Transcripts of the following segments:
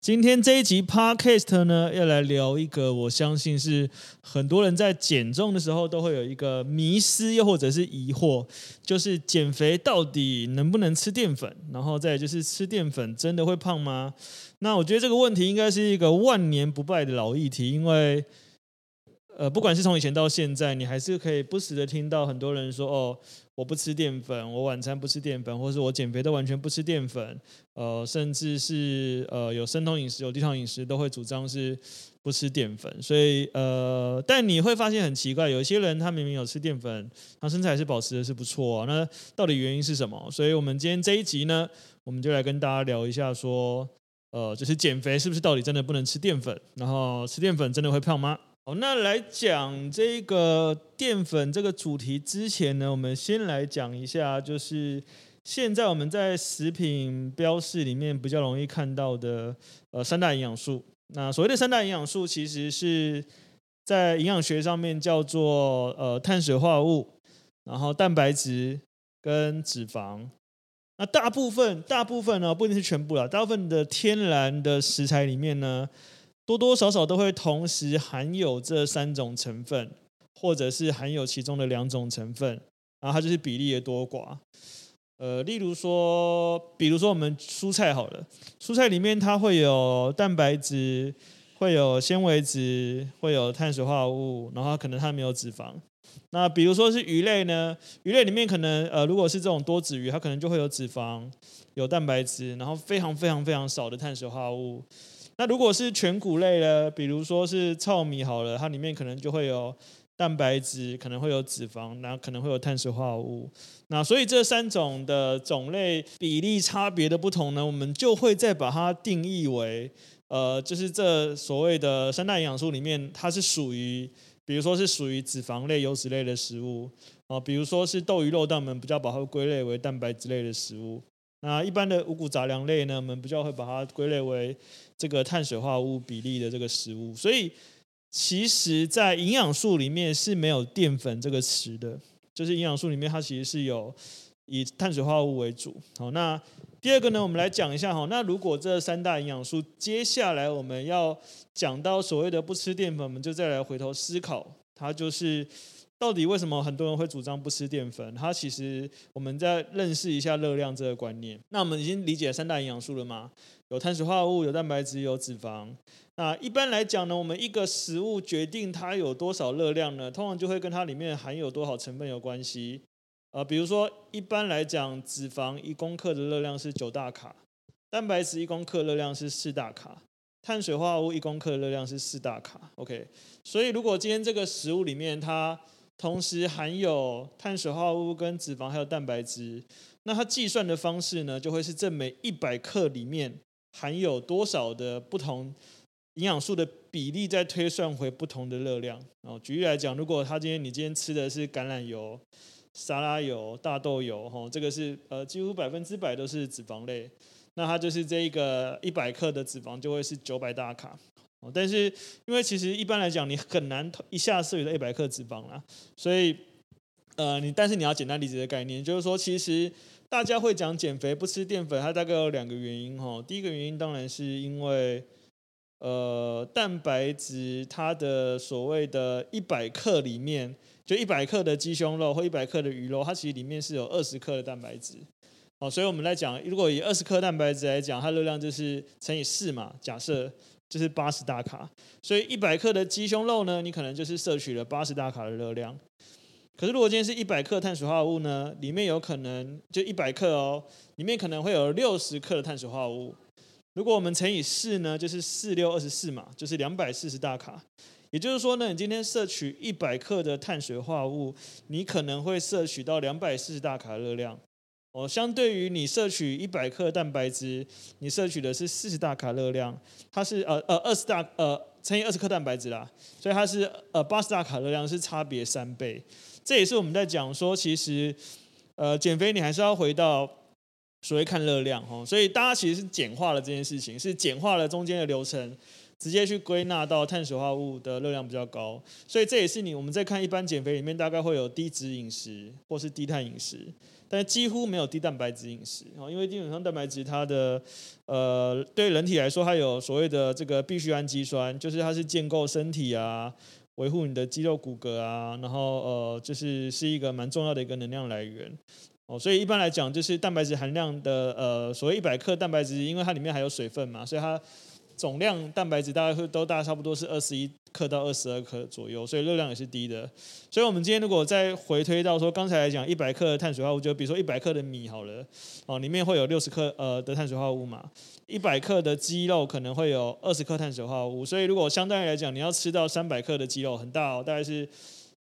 今天這一集 Podcast 呢，要來聊一個我相信是很多人在減重的時候都會有一個迷思，又或者是疑惑，就是減肥到底能不能吃澱粉？然後再就是吃澱粉真的會胖嗎？那我覺得這個問題應該是一個萬年不敗的老議題，因為。呃，不管是從以前到現在，你還是可以不時的聽到很多人說，哦，我不吃澱粉，我晚餐不吃澱粉，或是我減肥都完全不吃澱粉。呃，甚至是呃有生酮飲食、有低糖飲食，都會主張是不吃澱粉。所以，呃，但你會發現很奇怪，有些人他明明有吃澱粉，他身材是保持的是不錯啊。那到底原因是什麼？所以我們今天這一集呢，我們就來跟大家聊一下，說，呃，就是減肥是不是到底真的不能吃澱粉？然後吃澱粉真的會胖嗎？好，那來講這個澱粉這個主題之前呢，我們先來講一下，就是現在我們在食品標示裡面比較容易看到的呃三大營養素。那所謂的三大營養素，其實是在營養學上面叫做呃碳水化合物，然後蛋白質跟脂肪。那大部分大部分呢，不一定是全部了，大部分的天然的食材裡面呢，多多少少都會同時含有這三種成分，或者是含有其中的兩種成分，然後它就是比例的多寡。呃，例如說，比如說我們蔬菜好了，蔬菜裡面它會有蛋白質，會有纖維質，會有碳水化合物，然後可能它沒有脂肪。那比如說是魚類呢，魚類裡面可能呃，如果是這種多脂魚，它可能就會有脂肪、有蛋白質，然後非常非常非常少的碳水化合物。那如果是全穀類呢？比如說是糙米好了，它裡面可能就會有蛋白質，可能會有脂肪，然後可能會有碳水化合物。那所以這三種的種類比例差別的不同呢，我們就會再把它定義為，呃，就是這所謂的三大營養素裡面，它是屬於，比如說是屬於脂肪類、油脂類的食物，啊、呃，比如說是豆魚肉蛋，我們，比較把它歸類為蛋白質類的食物。那一般的五穀雜糧類呢，我們比較會把它歸類為這個碳水化合物比例的這個食物。所以，其實在營養素裡面是沒有澱粉這個詞的，就是營養素裡面它其實是有以碳水化合物為主。好，那第二個呢，我們來講一下哈。那如果這三大營養素，接下來我們要講到所謂的不吃澱粉，我們就再來回頭思考，它就是。到底為什麼很多人會主張不吃澱粉？它其實我們在認識一下熱量這個觀念。那我們已經理解三大營養素了嗎？有碳水化合物、有蛋白質、有脂肪。那一般來講呢，我們一個食物決定它有多少熱量呢？通常就會跟它裡面含有多少成分有關係。啊、呃。比如說一般來講，脂肪一公克的熱量是九大卡，蛋白質一公克的熱量是四大卡，碳水化合物一公克的熱量是四大卡。OK，所以如果今天這個食物裡面它同時含有碳水化合物，跟脂肪還有蛋白質，那它計算的方式呢，就會是這每一百克裡面含有多少的不同營養素的比例，再推算回不同的熱量。哦，舉例來講，如果他今天你今天吃的是橄欖油、沙拉油、大豆油，吼，這個是呃幾乎百分之百都是脂肪類，那它就是這一個一百克的脂肪就會是九百大卡。但是因為其實一般來講，你很難一下攝入到一百克脂肪啦，所以呃，你但是你要簡單理解的概念，就是說其實大家會講減肥不吃澱粉，它大概有兩個原因，哦，第一個原因當然是因為呃蛋白質它的所謂的一百克裡面，就一百克的雞胸肉或一百克的魚肉，它其實裡面是有二十克的蛋白質哦。所以我們來講，如果以二十克蛋白質來講，它的熱量就是乘以四嘛，假設。就是八十大卡，所以一百克的雞胸肉呢，你可能就是攝取了八十大卡的熱量。可是如果今天是一百克碳水化合物呢，裡面有可能就一百克哦，裡面可能會有六十克的碳水化合物。如果我們乘以四呢，就是四六二十四嘛，就是兩百四十大卡。也就是說呢，你今天攝取一百克的碳水化合物，你可能會攝取到兩百四十大卡的熱量。哦，相對於你攝取一百克蛋白質，你攝取的是四十大卡熱量，它是呃20呃二十大呃乘以二十克蛋白質啦，所以它是呃八十大卡熱量，是差別三倍。這也是我們在講說，其實呃減肥你還是要回到所謂看熱量哦。所以大家其實是簡化了這件事情，是簡化了中間的流程，直接去歸納到碳水化合物的熱量比較高，所以這也是你我們在看一般減肥裡面大概會有低脂飲食或是低碳飲食。但幾乎沒有低蛋白質飲食哦，因為基本上蛋白質它的，呃，對人體來說它有所謂的這個必需氨基酸，就是它是建構身體啊，維護你的肌肉骨骼啊，然後呃，就是是一個蠻重要的一個能量來源哦，所以一般來講就是蛋白質含量的呃所謂一百克蛋白質，因為它裡面還有水分嘛，所以它總量蛋白質大概會都大概差不多是二十一。克到二十二克左右，所以熱量也是低的。所以，我們今天如果再回推到說剛才來講一百克的碳水化物，就比如說一百克的米好了，哦，裡面會有六十克呃的碳水化物嘛。一百克的雞肉可能會有二十克碳水化物，所以如果相對來講，你要吃到三百克的雞肉，很大哦，大概是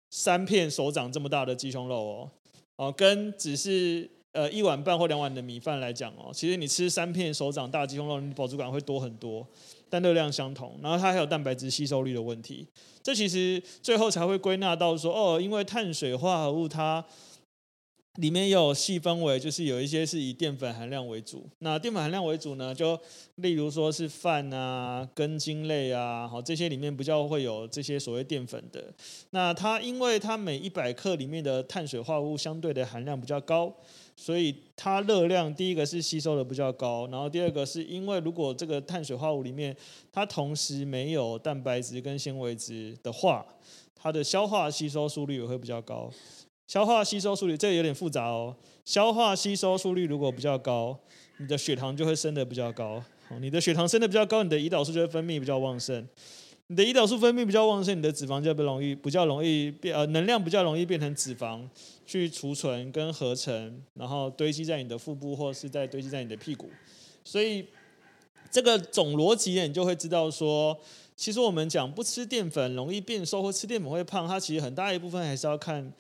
三片手掌這麼大的雞胸肉哦，哦，跟只是呃一碗半或兩碗的米飯來講哦，其實你吃三片手掌大雞胸肉，你飽足感會多很多。但熱量相同，然後它還有蛋白質吸收率的問題。這其實最後才會歸納到說，哦，因為碳水化合物它裡面有細分為，就是有一些是以澱粉含量為主。那澱粉含量為主呢，就例如說是飯啊、根莖類啊，好，這些裡面比較會有這些所謂澱粉的。那它因為它每一百克裡面的碳水化合物相對的含量比較高。所以它熱量，第一個是吸收的比較高，然後第二個是因為如果這個碳水化合物裡面，它同時沒有蛋白質跟纖維質的話，它的消化吸收速率也會比較高。消化吸收速率這個有點複雜哦，消化吸收速率如果比較高，你的血糖就會升得比較高，你的血糖升得比較高，你的胰島素就會分泌比較旺盛。你的胰島素分泌比較旺盛，你的脂肪就不容易，比較容易變呃，能量比較容易變成脂肪去儲存跟合成，然後堆積在你的腹部或是在堆積在你的屁股。所以這個總邏輯，你就會知道說，其實我們講不吃澱粉容易變瘦或吃澱粉會胖，它其實很大一部分還是要看。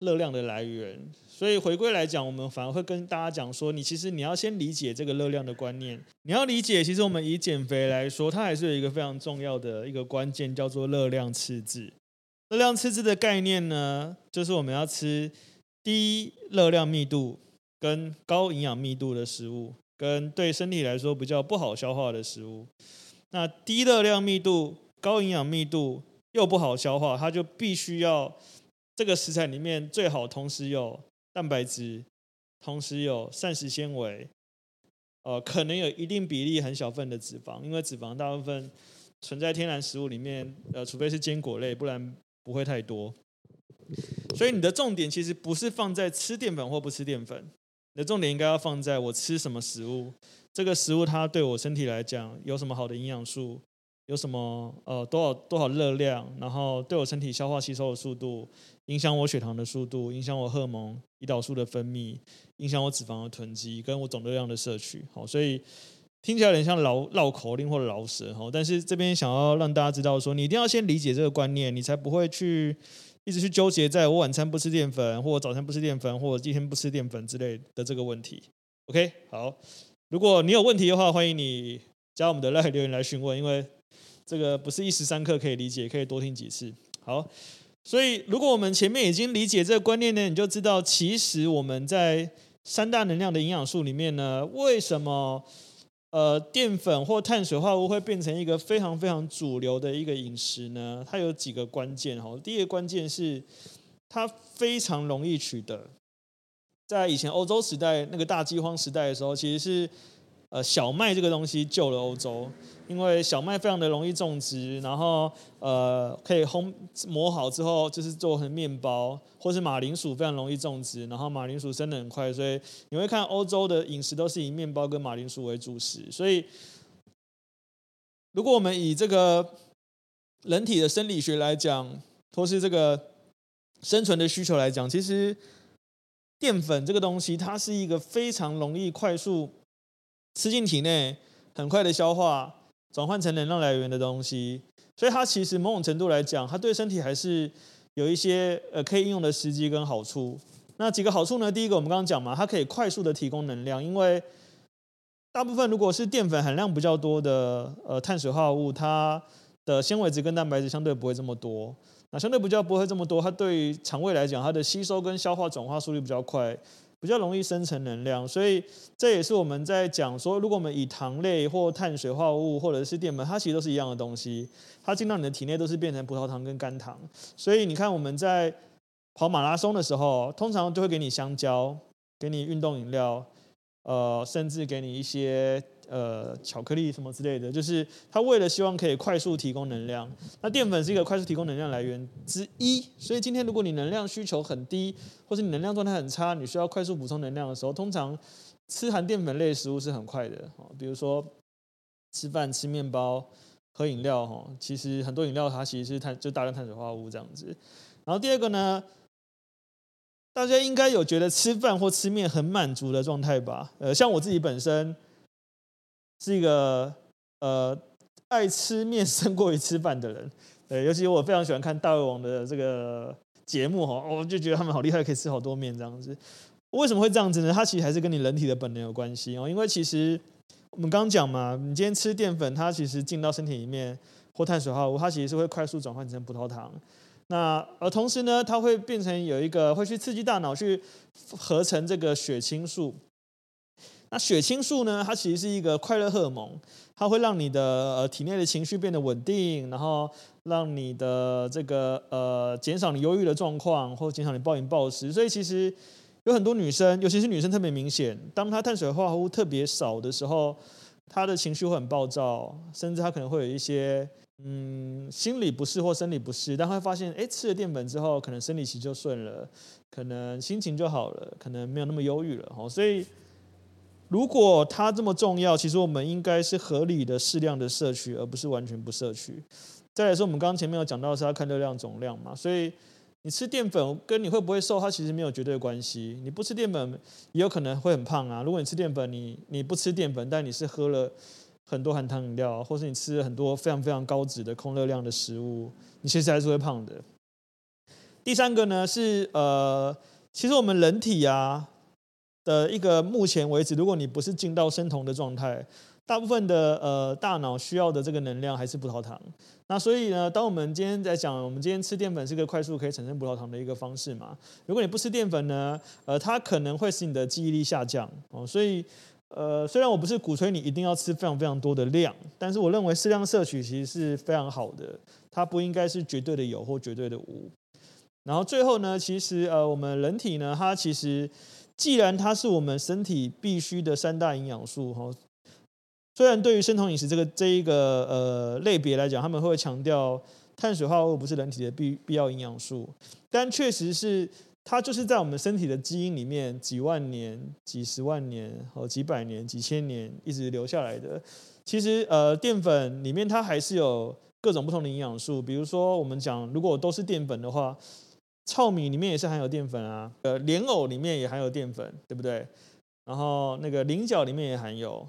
熱量的來源，所以回歸來講，我們反而會跟大家講說，你其實你要先理解這個熱量的觀念。你要理解，其實我們以減肥來說，它還是有一個非常重要的一個關鍵，叫做熱量赤字。熱量赤字的概念呢，就是我們要吃低熱量密度跟高營養密度的食物，跟對身體來說比較不好消化的食物。那低熱量密度、高營養密度又不好消化，它就必須要。這個食材裡面最好同時有蛋白質，同時有膳食纖維，呃，可能有一定比例很小份的脂肪，因為脂肪大部分存在天然食物裡面，呃，除非是堅果類，不然不會太多。所以你的重點其實不是放在吃澱粉或不吃澱粉，你的重點應該要放在我吃什麼食物，這個食物它對我身體來講有什麼好的營養素。有什麼呃多少多少熱量，然後對我身體消化吸收的速度，影響我血糖的速度，影響我荷爾蒙、胰島素的分泌，影響我脂肪的囤積，跟我總熱量的攝取。好，所以聽起來有點像老繞口令或者繞舌哈。但是這邊想要讓大家知道說，你一定要先理解這個觀念，你才不會去一直去糾結在我晚餐不吃澱粉，或者早餐不吃澱粉，或者今天不吃澱粉之類的這個問題。OK，好，如果你有問題的話，歡迎你加我們的 LINE 留言來詢問，因為。這個不是一時三刻可以理解，可以多聽幾次。好，所以如果我們前面已經理解這個觀念呢，你就知道其實我們在三大能量的營養素裡面呢，為什麼呃澱粉或碳水化合物會變成一個非常非常主流的一個飲食呢？它有幾個關鍵哈。第一個關鍵是它非常容易取得，在以前歐洲時代那個大饑荒時代的時候，其實是。呃，小麥這個東西救了歐洲，因為小麥非常的容易種植，然後呃，可以烘，磨好之後就是做成麵包，或是馬鈴薯非常容易種植，然後馬鈴薯生的很快，所以你會看歐洲的飲食都是以麵包跟馬鈴薯為主食。所以，如果我們以這個人體的生理學來講，或是這個生存的需求來講，其實澱粉這個東西，它是一個非常容易快速。吃進體內，很快的消化，轉換成能量來源的東西，所以它其實某種程度來講，它對身體還是有一些呃可以應用的時機跟好處。那幾個好處呢？第一個，我們剛剛講嘛，它可以快速的提供能量，因為大部分如果是澱粉含量比較多的呃碳水化合物，它的纖維質跟蛋白質相對不會這麼多，那相對比較不會這麼多，它對於腸胃來講，它的吸收跟消化轉化速率比較快。比較容易生成能量，所以這也是我們在講說，如果我們以糖類或碳水化合物或者是澱粉，它其實都是一樣的東西，它進到你的體內都是變成葡萄糖跟肝糖。所以你看我們在跑馬拉松的時候，通常就會給你香蕉，給你運動飲料，呃，甚至給你一些。呃，巧克力什麼之類的，就是他為了希望可以快速提供能量。那澱粉是一個快速提供能量來源之一，所以今天如果你能量需求很低，或是你能量狀態很差，你需要快速補充能量的時候，通常吃含澱粉類食物是很快的。比如說吃飯、吃麵包、喝飲料。哈，其實很多飲料它其實是碳，就大量碳水化合物這樣子。然後第二個呢，大家應該有覺得吃飯或吃麵很滿足的狀態吧？呃，像我自己本身。是一個呃愛吃麵勝過於吃飯的人，對，尤其我非常喜歡看大胃王的這個節目哈，我、哦、就覺得他們好厲害，可以吃好多麵這樣子。為什麼會這樣子呢？它其實還是跟你人體的本能有關係哦。因為其實我們剛講嘛，你今天吃澱粉，它其實進到身體裡面或碳水化合物，它其實是會快速轉換成葡萄糖。那而同時呢，它會變成有一個會去刺激大腦去合成這個血清素。那血清素呢，它其實是一個快樂荷爾蒙，它會讓你的呃體內的情緒變得穩定，然後讓你的這個呃減少你憂鬱的狀況，或減少你暴飲暴食。所以其實有很多女生，尤其是女生特別明顯，當她碳水化合物特別少的時候，她的情緒會很暴躁，甚至她可能會有一些嗯心理不適或生理不適。但會發現，誒，吃了澱粉之後，可能生理期就順了，可能心情就好了，可能沒有那麼憂鬱了。哦，所以。如果它這麼重要，其實我們應該是合理的適量的攝取，而不是完全不攝取。再來說，我們剛剛前面有講到的是要看熱量總量嘛，所以你吃澱粉跟你會不會瘦，它其實沒有絕對關係。你不吃澱粉也有可能會很胖啊。如果你吃澱粉，你你不吃澱粉，但你是喝了很多含糖飲料，或是你吃了很多非常非常高脂的空熱量的食物，你其實還是會胖的。第三個呢，是呃，其實我們人體啊。呃，一個目前為止，如果你不是進到生酮的狀態，大部分的呃大腦需要的這個能量還是葡萄糖。那所以呢，當我們今天在講，我們今天吃澱粉是個快速可以產生葡萄糖的一個方式嘛？如果你不吃澱粉呢，呃，它可能會使你的記憶力下降哦。所以呃，雖然我不是鼓吹你一定要吃非常非常多的量，但是我認為適量攝取其實是非常好的，它不應該是絕對的有或絕對的無。然後最後呢，其實呃，我們人體呢，它其實。既然它是我們身體必需的三大營養素哈，雖然對於生酮飲食這個這一個呃類別來講，他們會強調碳水化合物不是人體的必必要營養素，但確實是它就是在我們身體的基因裡面幾萬年、幾十萬年、和幾百年、幾千年一直留下來的。其實呃，澱粉裡面它還是有各種不同的營養素，比如說我們講如果我都是澱粉的話。糙米裡面也是含有澱粉啊，呃，蓮藕裡面也含有澱粉，對不對？然後那個菱角裡面也含有，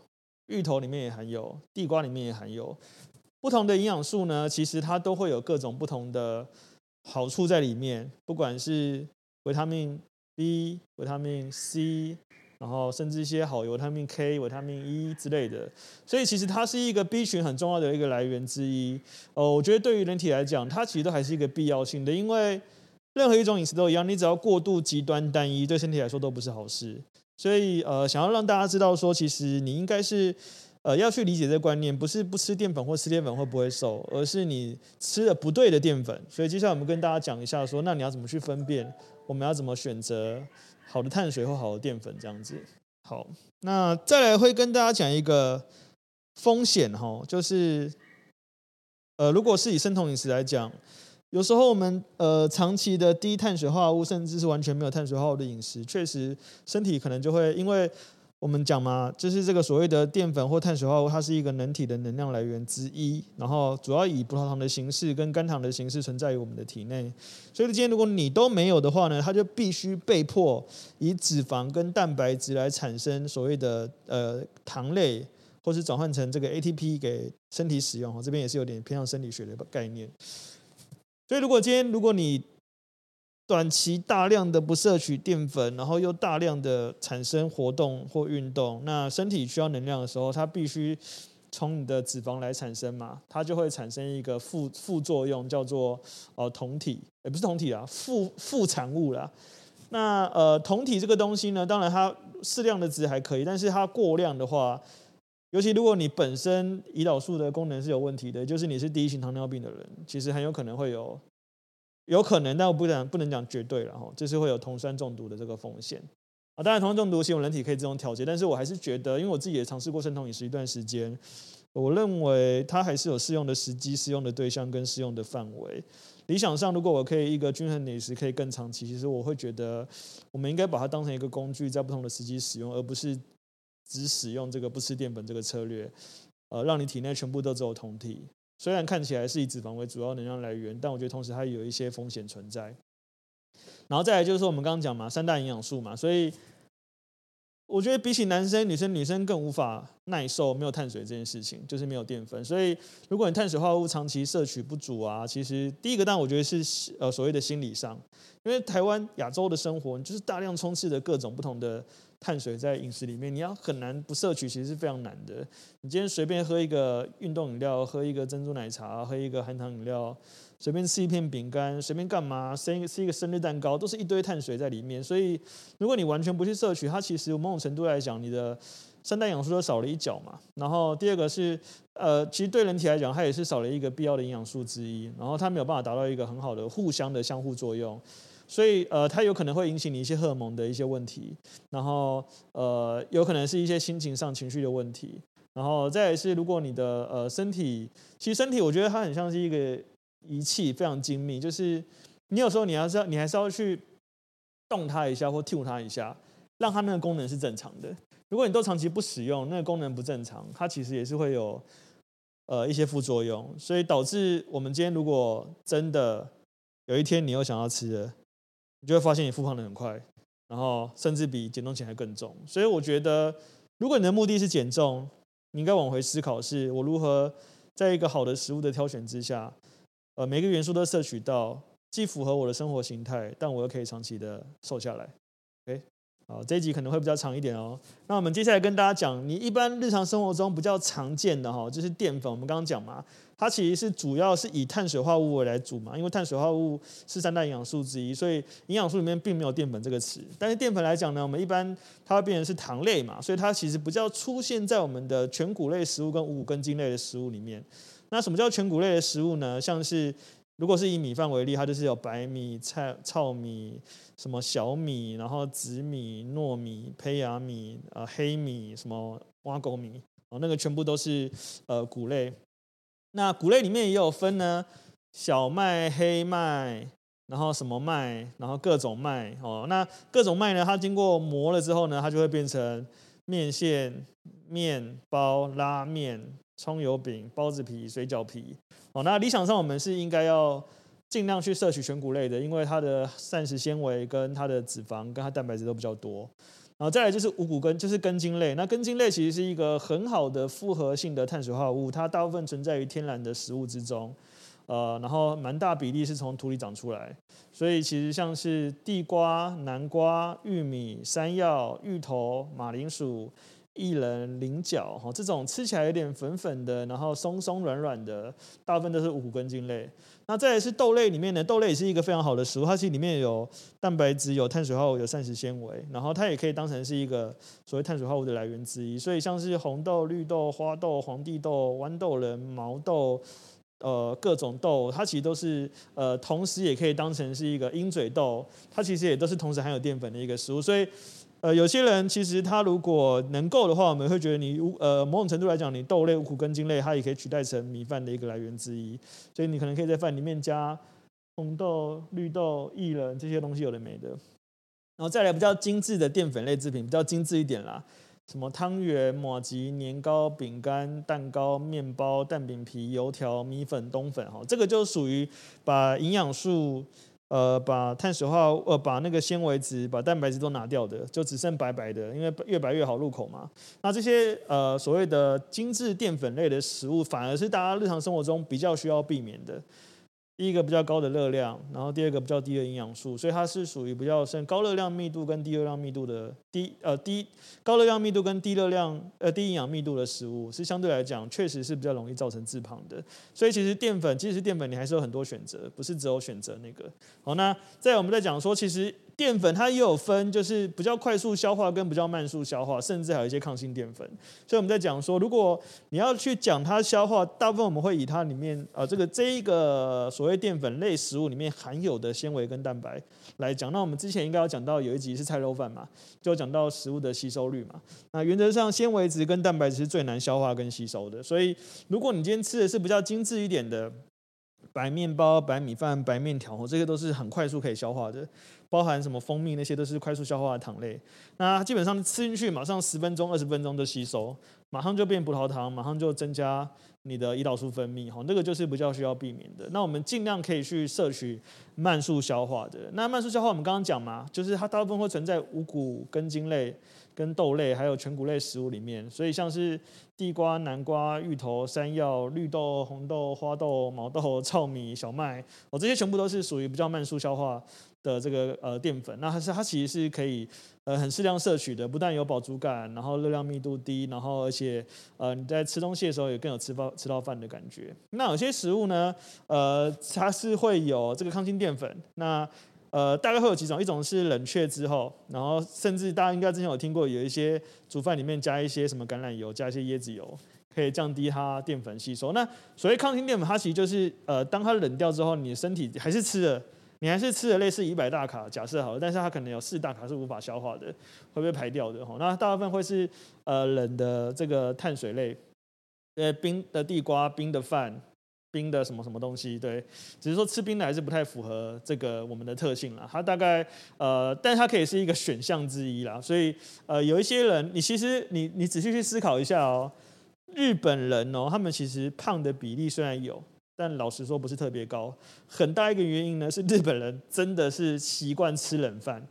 芋頭裡面也含有，地瓜裡面也含有。不同的營養素呢，其實它都會有各種不同的好處在裡面，不管是維他命 B、維他命 C，然後甚至一些好維他命 K、維他命 E 之類的。所以其實它是一個 B 群很重要的一個來源之一。呃、哦，我覺得對於人體來講，它其實都還是一個必要性的，因為任何一種飲食都一樣，你只要過度極端單一，對身體來說都不是好事。所以，呃，想要讓大家知道說，其實你應該是，呃，要去理解這個觀念，不是不吃澱粉或吃澱粉會不會瘦，而是你吃了不對的澱粉。所以，接下來我們跟大家講一下說，那你要怎麼去分辨？我們要怎麼選擇好的碳水或好的澱粉？這樣子。好，那再來會跟大家講一個風險哈，就是，呃，如果是以生酮飲食來講。有時候我們呃長期的低碳水化合物，甚至是完全沒有碳水化合物的飲食，確實身體可能就會因為我們講嘛，就是這個所謂的澱粉或碳水化合物，它是一個人體的能量來源之一，然後主要以葡萄糖的形式跟肝糖的形式存在於我們的體內。所以今天如果你都沒有的話呢，它就必須被迫以脂肪跟蛋白質來產生所謂的呃糖類，或是轉換成這個 ATP 給身體使用。這邊也是有點偏向生理學的概念。所以，如果今天如果你短期大量的不攝取澱粉，然後又大量的產生活動或運動，那身體需要能量的時候，它必須從你的脂肪來產生嘛，它就會產生一個副副作用，叫做呃酮體，也、欸、不是酮體啦，副副產物啦。那呃酮體這個東西呢，當然它適量的值還可以，但是它過量的話。尤其如果你本身胰島素的功能是有問題的，就是你是第一型糖尿病的人，其實很有可能會有，有可能，但我不講不能講絕對了哈，這是會有酮酸中毒的這個風險啊。當然，酮酸中毒其實我人體可以自動調節，但是我還是覺得，因為我自己也嘗試過生酮飲食一段時間，我認為它還是有適用的時機、適用的對象跟適用的範圍。理想上，如果我可以一個均衡飲食，可以更長期，其實我會覺得，我們應該把它當成一個工具，在不同的時機使用，而不是。只使用這個不吃澱粉這個策略，呃，讓你體內全部都只有酮體。雖然看起來是以脂肪為主要能量來源，但我覺得同時它有一些風險存在。然後再來就是說我們剛剛講嘛，三大營養素嘛，所以。我覺得比起男生，女生女生更無法耐受沒有碳水這件事情，就是沒有澱粉。所以，如果你碳水化合物長期攝取不足啊，其實第一個，但我覺得是呃所謂的心理上，因為台灣亞洲的生活，你就是大量充斥着各種不同的碳水在飲食裡面，你要很難不攝取，其實是非常難的。你今天隨便喝一個運動飲料，喝一個珍珠奶茶，喝一個含糖飲料。隨便吃一片餅乾，隨便幹嘛，生一個吃一個生日蛋糕，都是一堆碳水在裡面。所以，如果你完全不去攝取，它其實某種程度來講，你的三大營養素都少了一角嘛。然後，第二個是，呃，其實對人體來講，它也是少了一個必要的營養素之一。然後，它沒有辦法達到一個很好的互相的相互作用。所以，呃，它有可能會引起你一些荷爾蒙的一些問題。然後，呃，有可能是一些心情上情緒的問題。然後再來是，如果你的呃身體，其實身體，我覺得它很像是一個。儀器非常精密，就是你有時候你是要要你還是要去動它一下或 tune 它一下，讓它那個功能是正常的。如果你都長期不使用，那個功能不正常，它其實也是會有呃一些副作用，所以導致我們今天如果真的有一天你又想要吃了，你就會發現你復胖的很快，然後甚至比減重前還更重。所以我覺得，如果你的目的是減重，你應該往回思考：是我如何在一個好的食物的挑選之下。呃，每個元素都攝取到，既符合我的生活型態，但我又可以長期的瘦下來。誒，OK？好，這一集可能會比較長一點哦、喔。那我們接下來跟大家講，你一般日常生活中比較常見的哈，就是澱粉。我們剛剛講嘛，它其實是主要是以碳水化合物為來煮嘛，因為碳水化合物是三大營養素之一，所以營養素裡面並沒有澱粉這個詞。但是澱粉來講呢，我們一般它會變成是糖類嘛，所以它其實比較出現在我們的全穀類食物跟五穀根莖類的食物裡面。那什麼叫全穀類的食物呢？像是如果是以米飯為例，它就是有白米、糙糙米、什麼小米，然後紫米、糯米、胚芽米、呃、黑米、什麼挖狗米、哦，那個全部都是呃谷類。那谷類裡面也有分呢，小麥、黑麥，然後什麼麥，然後各種麥哦。那各種麥呢，它經過磨了之後呢，它就會變成面線、麵包、拉麵。蔥油餅、包子皮、水餃皮，哦，那理想上我們是應該要盡量去攝取全穀類的，因為它的膳食纖維跟它的脂肪跟它蛋白質都比較多。然後再來就是五穀根，就是根莖類。那根莖類其實是一個很好的複合性的碳水化物，它大部分存在於天然的食物之中，呃，然後蠻大比例是從土裡長出來，所以其實像是地瓜、南瓜、玉米、山藥、芋頭、馬鈴薯。薏仁、菱角，吼，這種吃起來有點粉粉的，然後鬆松軟軟的，大部分都是五根莖類。那再來是豆類裡面呢，豆類也是一個非常好的食物。它其實裡面有蛋白質、有碳水化合物、有膳食纖維，然後它也可以當成是一個所謂碳水化合物的來源之一。所以像是紅豆、綠豆、花豆、皇帝豆、豌豆仁、毛豆，呃，各種豆，它其實都是呃，同時也可以當成是一個鷹嘴豆，它其實也都是同時含有澱粉的一個食物，所以。呃，有些人其實他如果能夠的話，我們會覺得你五呃，某種程度來講，你豆類、五穀、根莖類，它也可以取代成米飯的一個來源之一。所以你可能可以在飯裡面加紅豆、綠豆、薏仁這些東西，有的沒的。然後再來比較精緻的澱粉類製品，比較精緻一點啦，什麼湯圓、麻吉、年糕、餅乾、蛋糕、麵包、蛋餅皮、油條、米粉、冬粉哈，這個就屬於把營養素。呃，把碳水化，呃，把那個纖維質、把蛋白質都拿掉的，就只剩白白的，因為越白越好入口嘛。那這些呃所謂的精緻澱粉類的食物，反而是大家日常生活中比較需要避免的。第一個比較高的熱量，然後第二個比較低的營養素，所以它是屬於比較甚高熱量密度跟低熱量密度的低呃低高熱量密度跟低熱量呃低營養密度的食物，是相對來講確實是比較容易造成致胖的。所以其實澱粉，即使澱粉你還是有很多選擇，不是只有選擇那個。好，那再我們再講說，其實。澱粉它也有分，就是比較快速消化跟比較慢速消化，甚至還有一些抗性澱粉。所以我們在講說，如果你要去講它消化，大部分我們會以它裡面啊、呃、這個這一個所謂澱粉類食物裡面含有的纖維跟蛋白來講。那我們之前應該要講到有一集是菜肉飯嘛，就講到食物的吸收率嘛。那原則上纖維質跟蛋白質是最難消化跟吸收的。所以如果你今天吃的是比較精緻一點的。白麵包、白米飯、白麵條，吼，這些都是很快速可以消化的。包含什麼蜂蜜，那些都是快速消化的糖類。那基本上吃進去，馬上十分鐘、二十分鐘就吸收，馬上就變葡萄糖，馬上就增加你的胰島素分泌，吼，那個就是比較需要避免的。那我們盡量可以去攝取慢速消化的。那慢速消化，我們剛剛講嘛，就是它大部分會存在五穀根莖類，跟豆類還有全穀類食物裡面，所以像是地瓜、南瓜、芋頭、山藥、綠豆、紅豆、花豆、毛豆、糙米、小麥，哦，這些全部都是屬於比較慢速消化的這個呃澱粉。那它是，它其實是可以呃很適量攝取的，不但有飽足感，然後熱量密度低，然後而且呃你在吃東西的時候也更有吃到吃到飯的感覺。那有些食物呢，呃，它是會有這個抗性澱粉。那呃，大概會有幾種，一種是冷卻之後，然後甚至大家應該之前有聽過，有一些煮飯裡面加一些什麼橄欖油，加一些椰子油，可以降低它澱粉吸收。那所謂抗性澱粉，它其實就是呃，當它冷掉之後，你的身體還是吃了，你還是吃了類似一百大卡，假設好了，但是它可能有四大卡是無法消化的，會被排掉的吼。那大部分會是呃冷的這個碳水類，呃冰的地瓜冰的飯。冰的什麼什麼東西，對，只是說吃冰的還是不太符合這個我們的特性啦。它大概呃，但它可以是一個選項之一啦。所以呃，有一些人，你其實你你仔細去思考一下哦，日本人哦，他們其實胖的比例雖然有，但老實說不是特別高。很大一個原因呢是日本人真的是習慣吃冷飯，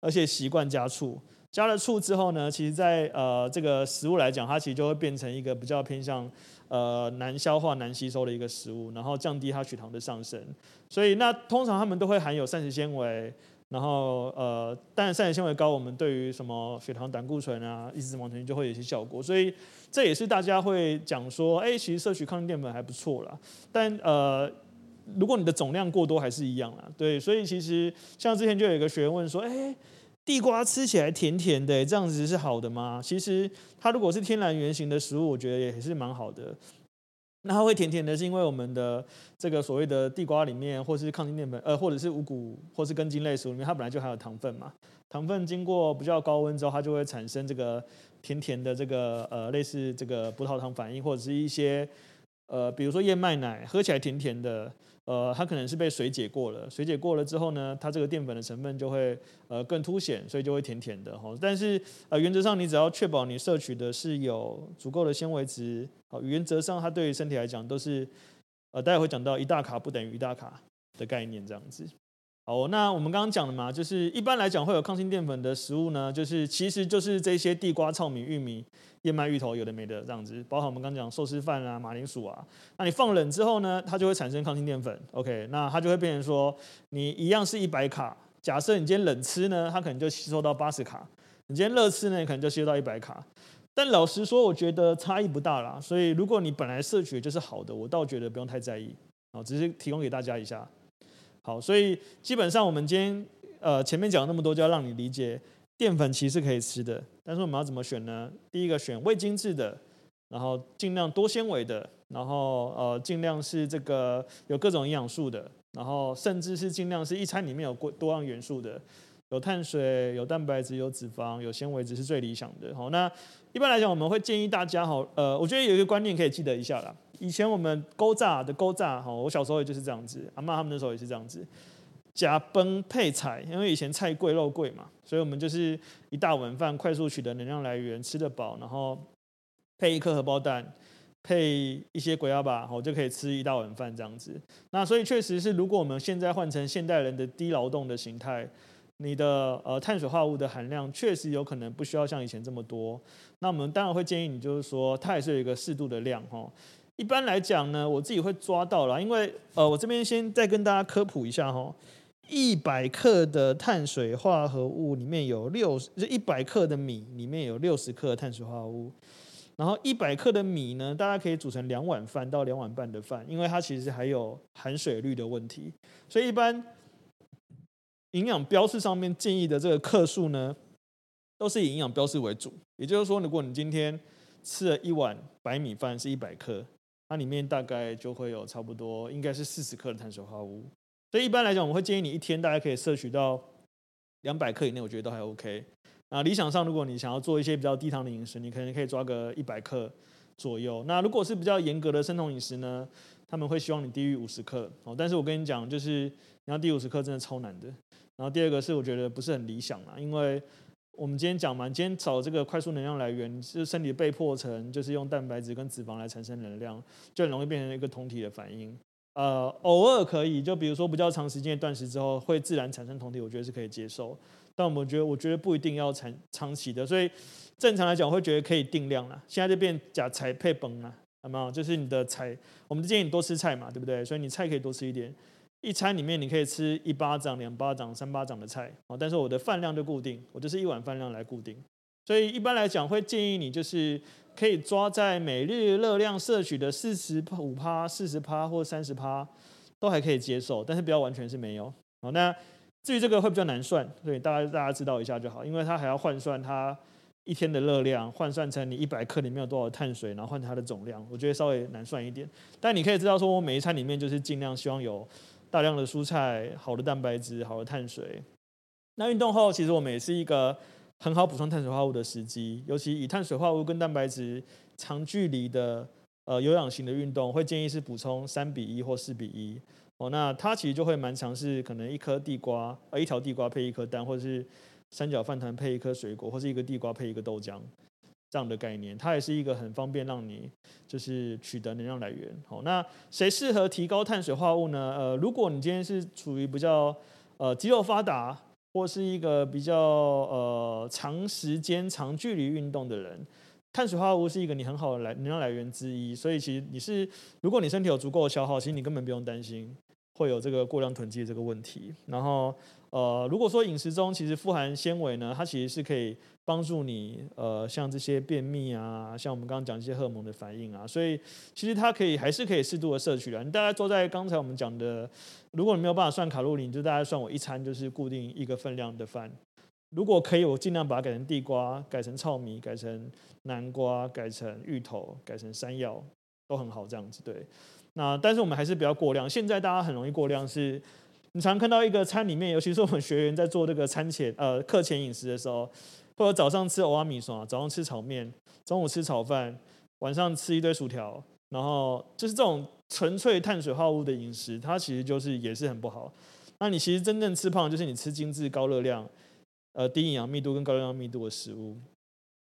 而且習慣加醋。加了醋之後呢，其實在呃這個食物來講，它其實就會變成一個比較偏向。呃，難消化、難吸收的一個食物，然後降低它血糖的上升。所以，那通常他們都會含有膳食纖維，然後呃，但膳食纖維高，我們對於什麼血糖、膽固醇啊、抑制脂肪醇就會有一些效果。所以，這也是大家會講說，哎、欸，其實攝取抗性澱粉還不錯啦，但呃，如果你的總量過多，還是一樣啦。對，所以其實像之前就有一個學員問說，哎、欸。地瓜吃起來甜甜的，這樣子是好的嗎？其實它如果是天然原型的食物，我覺得也是蠻好的。那它會甜甜的，是因為我們的這個所謂的地瓜裡面，或是抗性澱粉，呃，或者是五穀或是根莖類食物裡面，它本來就含有糖分嘛。糖分經過比較高溫之後，它就會產生這個甜甜的這個，呃，類似這個葡萄糖反應，或者是一些，呃，比如說燕麥奶，喝起來甜甜的。呃，它可能是被水解過了，水解過了之後呢，它這個澱粉的成分就會呃更凸顯，所以就會甜甜的哦，但是呃，原則上你只要確保你攝取的是有足夠的纖維質，好，原則上它對於身體來講都是呃，大家會講到一大卡不等於一大卡的概念這樣子。好，哦，那我們剛剛講的嘛，就是一般來講會有抗性澱粉的食物呢，就是其實就是這些地瓜、糙米、玉米、燕麥、芋頭，有的沒的這樣子，包括我們剛剛講壽司飯啊、馬鈴薯啊。那你放冷之後呢，它就會產生抗性澱粉。OK，那它就會變成說，你一樣是一百卡，假設你今天冷吃呢，它可能就吸收到八十卡；你今天熱吃呢，可能就吸收到一百卡。但老實說，我覺得差異不大啦。所以如果你本來攝取的就是好的，我倒覺得不用太在意。啊，只是提供給大家一下。好，所以基本上我們今天呃前面講了那麼多，就要讓你理解澱粉其實可以吃的，但是我們要怎麼選呢？第一個選未精製的，然後盡量多纖維的，然後呃盡量是這個有各種營養素的，然後甚至是盡量是一餐裡面有過多樣元素的，有碳水、有蛋白質、有脂肪、有纖維質，是最理想的。好，那一般來講，我們會建議大家好，呃，我覺得有一個觀念可以記得一下啦。以前我們古早的古早哈，我小時候也就是這樣子，阿嬤他們那時候也是這樣子，加崩配菜，因為以前菜貴肉貴嘛，所以我們就是一大碗飯，快速取得能量來源，吃得飽，然後配一顆荷包蛋，配一些鬼阿、啊、吧，好就可以吃一大碗飯這樣子。那所以確實是，如果我們現在換成現代人的低勞動的形態，你的呃碳水化合物的含量確實有可能不需要像以前這麼多。那我們當然會建議你，就是說，它也是有一個適度的量哈。一般來講呢，我自己會抓到啦，因為呃，我這邊先再跟大家科普一下哈、哦，一百克的碳水化合物裡面有六十，就一百克的米裡面有六十克的碳水化合物，然後一百克的米呢，大家可以煮成兩碗飯到兩碗半的飯，因為它其實還有含水率的問題，所以一般營養標示上面建議的這個克數呢，都是以營養標示為主，也就是說，如果你今天吃了一碗白米飯是一百克。它裡面大概就會有差不多，應該是四十克的碳水化合物。所以一般來講，我會建議你一天大概可以攝取到兩百克以內，我覺得都還 OK。啊，理想上，如果你想要做一些比較低糖的飲食，你可能可以抓個一百克左右。那如果是比較嚴格的生酮飲食呢，他們會希望你低於五十克。哦，但是我跟你講，就是你要低五十克真的超難的。然後第二個是我覺得不是很理想啦，因為。我們今天講嘛，今天找這個快速能量來源，就是身體被迫成，就是用蛋白質跟脂肪來產生能量，就很容易變成一個酮體的反應。呃，偶爾可以，就比如說比較長時間的斷食之後，會自然產生酮體，我覺得是可以接受。但我們覺得，我覺得不一定要長長期的，所以正常來講，我會覺得可以定量啦。現在就變假，菜配飯了，好嗎？就是你的菜，我們建議你多吃菜嘛，對不對？所以你菜可以多吃一點。一餐裡面你可以吃一巴掌、兩巴掌、三巴掌的菜，但是我的飯量就固定，我就是一碗飯量來固定。所以一般來講會建議你就是可以抓在每日熱量攝取的四十五趴、四十趴或三十趴，都還可以接受，但是不要完全是沒有。那至於這個會比較難算，對，大家大家知道一下就好，因為它還要換算它一天的熱量，換算成你一百克裡面有多少碳水，然後換它的總量，我覺得稍微難算一點。但你可以知道說，我每一餐裡面就是盡量希望有。大量的蔬菜、好的蛋白質、好的碳水，那運動後其實我們也是一個很好補充碳水化合物的時機，尤其以碳水化合物跟蛋白質長距離的呃有氧型的運動，會建議是補充三比一或四比一哦。那它其實就會蠻常，是可能一顆地瓜呃一條地瓜配一顆蛋，或者是三角飯團配一顆水果，或是一個地瓜配一個豆漿。這樣的概念，它也是一個很方便讓你就是取得能量來源。好，那誰適合提高碳水化物呢？呃，如果你今天是處於比較呃肌肉發達，或是一個比較呃長時間長距離運動的人，碳水化物是一個你很好的來能量來源之一。所以其實你是，如果你身體有足夠的消耗，其實你根本不用擔心。會有這個過量囤積的這個問題，然後呃，如果說飲食中其實富含纖維呢，它其實是可以幫助你呃，像這些便秘啊，像我們剛剛講這些荷爾蒙的反應啊，所以其實它可以還是可以適度的攝取的，你大概坐在剛才我們講的，如果你沒有辦法算卡路里，你就大概算我一餐就是固定一個分量的飯。如果可以，我尽量把它改成地瓜，改成糙米，改成南瓜，改成芋頭，改成山藥，都很好這樣子。對。那但是我們還是比較過量。現在大家很容易過量是，是你常看到一個餐裡面，尤其是我們學員在做這個餐前呃課前飲食的時候，或者早上吃蚵仔麵線，早上吃炒麵，中午吃炒飯，晚上吃一堆薯條，然後就是這種純粹碳水化合物的飲食，它其實就是也是很不好。那你其實真正吃胖，就是你吃精致高熱量，呃低營養密度跟高熱量密度的食物。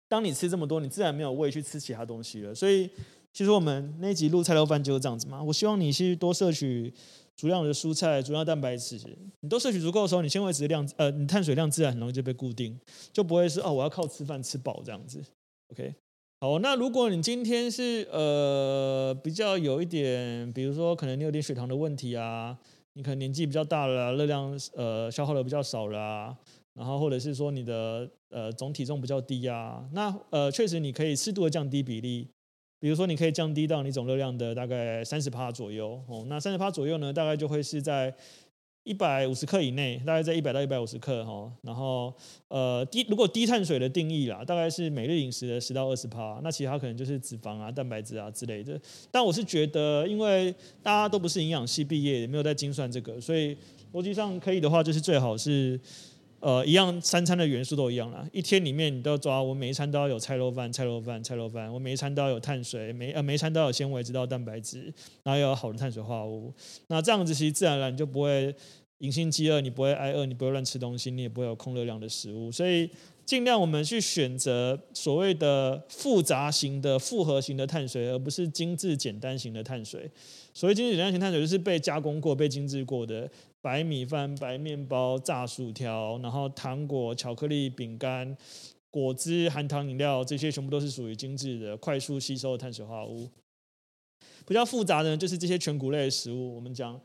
當你吃這麼多，你自然沒有胃去吃其他東西了，所以。其實我們那幾路菜肉飯就是這樣子嘛。我希望你去多攝取足量的蔬菜、足量的蛋白質。你都攝取足夠的時候，你纖維質量呃，你碳水量自然很容易就被固定，就不會是哦，我要靠吃飯吃飽這樣子。OK，好，那如果你今天是呃比較有一點，比如說可能你有點血糖的問題啊，你可能年紀比較大了啊，熱量呃消耗的比較少了啊，然後或者是說你的呃總體重比較低啊，那呃確實你可以適度的降低比例。比如說，你可以降低到你總熱量的大概三十趴左右哦。那三十趴左右呢，大概就會是在一百五十克以內，大概在一百到一百五十克哈。然後，呃，低如果低碳水的定義啦，大概是每日飲食的十到二十趴。那其他可能就是脂肪啊、蛋白質啊之類的。但我是覺得，因為大家都不是營養系畢業，也沒有在精算這個，所以邏輯上可以的話，就是最好是。呃，一樣三餐的元素都一樣啦。一天裡面你都要抓，我每一餐都要有菜肉飯，菜肉飯，菜肉飯。我每一餐都要有碳水，每呃每一餐都要有纖維質到蛋白質，然後有好的碳水化合物。那這樣子其實自然而然你就不會隱性飢餓，你不會挨餓，你不會亂吃東西，你也不會有空熱量的食物。所以盡量我們去選擇所謂的複雜型的複合型的碳水，而不是精致簡單型的碳水。所謂精致簡單型碳水，就是被加工過、被精致過的。白米飯、白麵包、炸薯條，然後糖果、巧克力、餅乾、果汁、含糖飲料，這些全部都是屬於精致的快速吸收的碳水化合物。比較複雜的呢，就是這些全穀類的食物，我們講。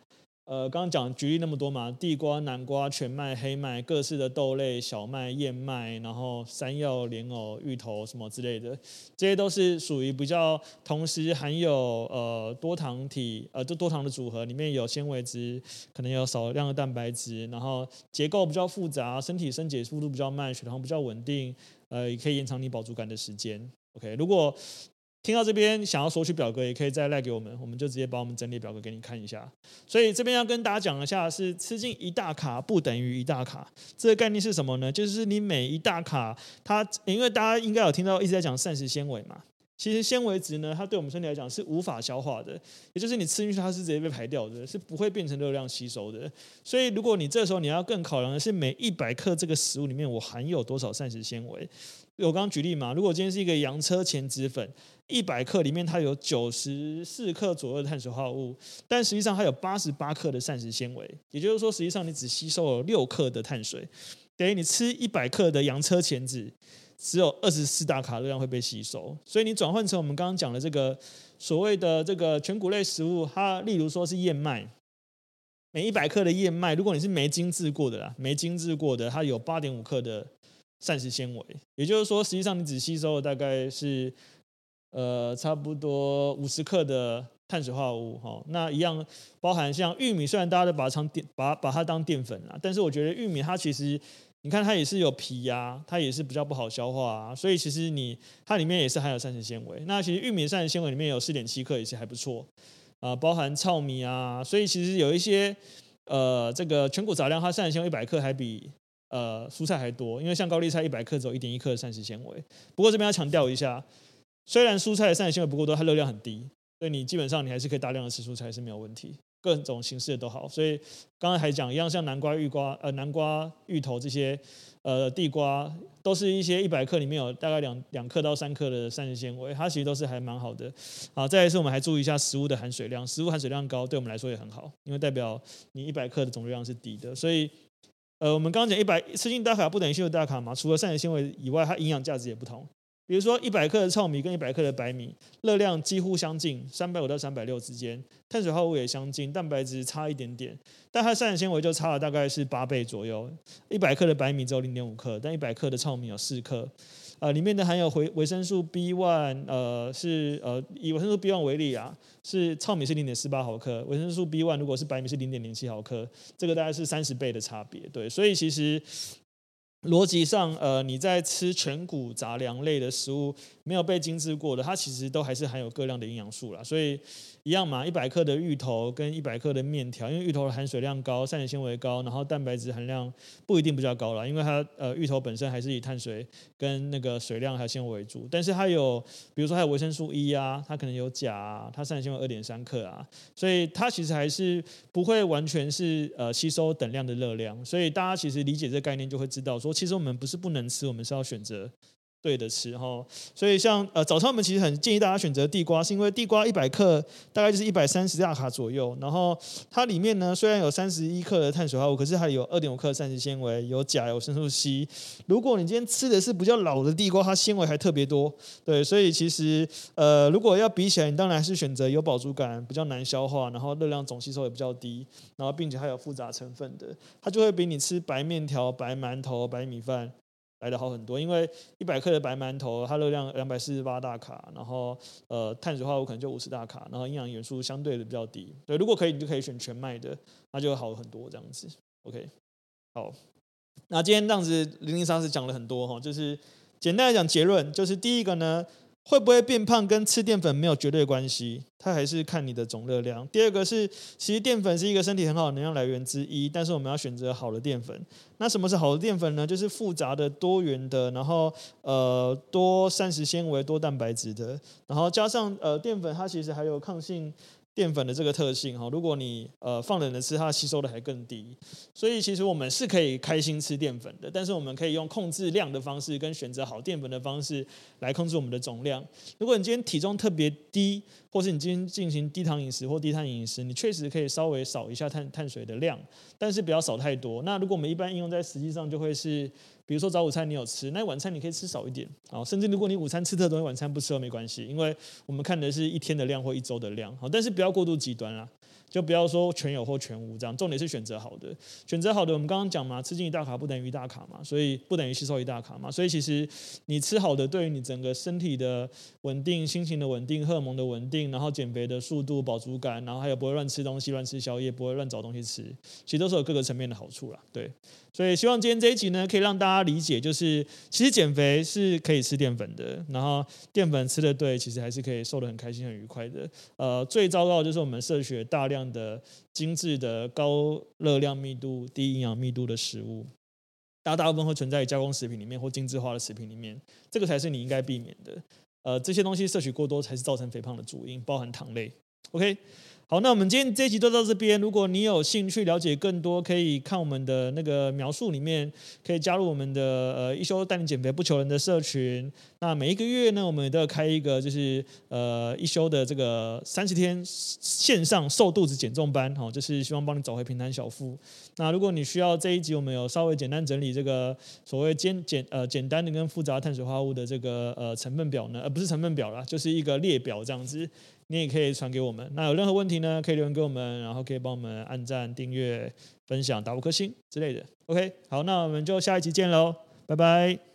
呃，剛剛講舉例那麼多嘛，地瓜、南瓜、全麥、黑麥、各式的豆類、小麥、燕麥，然後山藥、蓮藕、芋頭什麼之類的，這些都是屬於比較同時含有呃多糖體，呃，就多糖的組合，裡面有纖維質，可能有少量的蛋白質，然後結構比較複雜，身體分解速度比較慢，血糖比較穩定，呃，也可以延長你飽足感的時間。OK，如果聽到這邊想要索取表格，也可以再賴、like、給我們，我們就直接把我們整理表格給你看一下。所以這邊要跟大家講一下，是吃進一大卡不等於一大卡，這個概念是什麼呢？就是你每一大卡，它因為大家應該有聽到一直在講膳食纖維嘛。其實纖維質呢，它對我們身體來講是無法消化的，也就是你吃進去它是直接被排掉的，是不會變成熱量吸收的。所以如果你這時候你要更考量的是每一百克這個食物裡面我含有多少膳食纖維。我剛剛舉例嘛，如果今天是一個洋車前子粉，一百克裡面它有九十四克左右的碳水化合物，但實際上它有八十八克的膳食纖維，也就是說實際上你只吸收了六克的碳水，等於你吃一百克的洋車前子。只有二十四大卡熱量會被吸收，所以你轉換成我們剛剛講的這個所謂的這個全穀類食物，它例如說是燕麥，每一百克的燕麥，如果你是沒精制過的啦，沒精制過的，它有八點五克的膳食纖維，也就是說，實際上你只吸收了大概是呃差不多五十克的碳水化合物。哈，那一樣包含像玉米，雖然大家都把它當澱把把它當澱粉啦，但是我覺得玉米它其實。你看它也是有皮啊，它也是比較不好消化啊，所以其實你它裡面也是含有膳食纖維。那其實玉米的膳食纖維裡面有四點七克，也是還不錯啊，呃，包含糙米啊，所以其實有一些呃，這個全穀雜糧它膳食纖維一百克還比呃蔬菜還多，因為像高麗菜一百克只有一點一克的膳食纖維。不過這邊要強調一下，雖然蔬菜的膳食纖維不夠多，它熱量很低，所以你基本上你還是可以大量的吃蔬菜，是沒有問題。各種形式的都好，所以剛剛還講一樣，像南瓜、芋瓜、呃南瓜、芋頭這些，呃地瓜都是一些一百克裡面有大概兩兩克到三克的膳食纖維，它其實都是還蠻好的。好，再來是我們還注意一下食物的含水量，食物含水量高，對我們來說也很好，因為代表你一百克的總熱量是低的。所以，呃，我們剛剛講一百吃進大卡不等於吸收大卡嘛，除了膳食纖維以外，它營養價值也不同。比如說，一百克的糙米跟一百克的白米，熱量幾乎相近，三百五到三百六之間，碳水化合物也相近，蛋白質差一點點，但它膳食纖維就差了大概是八倍左右。一百克的白米只有零點五克，但一百克的糙米有四克。呃，裡面的含有維維生素 B one，呃，是呃，以維生素 B one 為例啊，是糙米是零點四八毫克，維生素 B one 如果是白米是零點零七毫克，這個大概是三十倍的差別。對，所以其實。邏輯上，呃，你在吃全穀雜糧類的食物，沒有被精製過的，它其實都還是含有各量的營養素啦。所以一樣嘛，一百克的芋頭跟一百克的麵條，因為芋頭的含水量高，膳食纖維高，然後蛋白質含量不一定比較高啦。因為它呃芋頭本身還是以碳水跟那個水量還有纖維為主，但是它有，比如說還有維生素 E 啊，它可能有鉀啊，它膳食纖維二點三克啊。所以它其實還是不會完全是呃吸收等量的熱量。所以大家其實理解這個概念，就會知道說，其實我們不是不能吃，我們是要選擇。對的，吃哈，所以像呃早餐我們其實很建議大家選擇地瓜，是因為地瓜一百克大概就是一百三十大卡左右，然後它裡面呢雖然有三十一克的碳水化合物，可是它有二點五克膳食纖維，有鉀，有維生素 C。如果你今天吃的是比較老的地瓜，它纖維還特別多，對，所以其實呃如果要比起來，你當然是選擇有飽足感、比較難消化，然後熱量總吸收也比較低，然後並且還有複雜成分的，它就會比你吃白麵條、白饅頭、白米飯。來得好很多，因為一百克的白饅頭，它熱量兩百四十八大卡，然後呃碳水化合物可能就五十大卡，然後營養元素相對的比較低。對，如果可以，你就可以選全麥的，那就好很多這樣子。OK，好，那今天這樣子零零沙是講了很多哈，就是簡單來講結論就是第一個呢。會不會變胖跟吃澱粉沒有絕對關係，它還是看你的總熱量。第二個是，其實澱粉是一個身體很好的能量來源之一，但是我們要選擇好的澱粉。那什麼是好的澱粉呢？就是複雜的、多元的，然後呃多膳食纖維、多蛋白質的，然後加上呃澱粉，它其實還有抗性。澱粉的這個特性哈，如果你呃放冷的吃，它吸收的還更低。所以其實我們是可以開心吃澱粉的，但是我們可以用控制量的方式，跟選擇好澱粉的方式來控制我們的總量。如果你今天體重特別低，或是你今天進行低糖飲食或低碳飲食，你確實可以稍微少一下碳碳水的量，但是不要少太多。那如果我們一般應用在實際上，就會是。比如說，早午餐你有吃，那晚餐你可以吃少一點，好，甚至如果你午餐吃特多，晚餐不吃都沒關係，因為我們看的是一天的量或一周的量，好，但是不要過度極端啊。就不要說全有或全無這樣，重點是選擇好的，選擇好的。我們剛剛講嘛，吃進一大卡不等於一大卡嘛，所以不等於吸收一大卡嘛。所以其實你吃好的，對於你整個身體的穩定、心情的穩定、荷爾蒙的穩定，然後減肥的速度、飽足感，然後還有不會亂吃東西、亂吃宵夜、不會亂找東西吃，其實都是有各個層面的好處啦。對，所以希望今天這一集呢，可以讓大家理解，就是其實減肥是可以吃澱粉的，然後澱粉吃的對，其實還是可以瘦得很開心、很愉快的。呃，最糟糕的就是我們攝取大量。的精緻的高熱量密度、低營養密度的食物，大大部分會存在於加工食品裡面或精緻化的食品裡面，這個才是你應該避免的。呃，這些東西攝取過多才是造成肥胖的主因，包含糖類。OK？好，那我們今天這一集就到這邊。如果你有興趣了解更多，可以看我們的那個描述裡面，可以加入我們的呃一休帶你減肥不求人的社群。那每一個月呢，我們都要開一個就是呃一休的這個三十天線上瘦肚子減重班，好、哦，就是希望幫你找回平坦小腹。那如果你需要這一集，我們有稍微簡單整理這個所謂簡簡呃簡單的跟複雜碳水化合物的這個呃成分表呢，呃不是成分表啦，就是一個列表這樣子。你也可以傳給我們。那有任何問題呢，可以留言給我們，然後可以幫我們按讚、訂閱、分享、打五顆星之類的。OK，好，那我們就下一集見嘍，拜拜。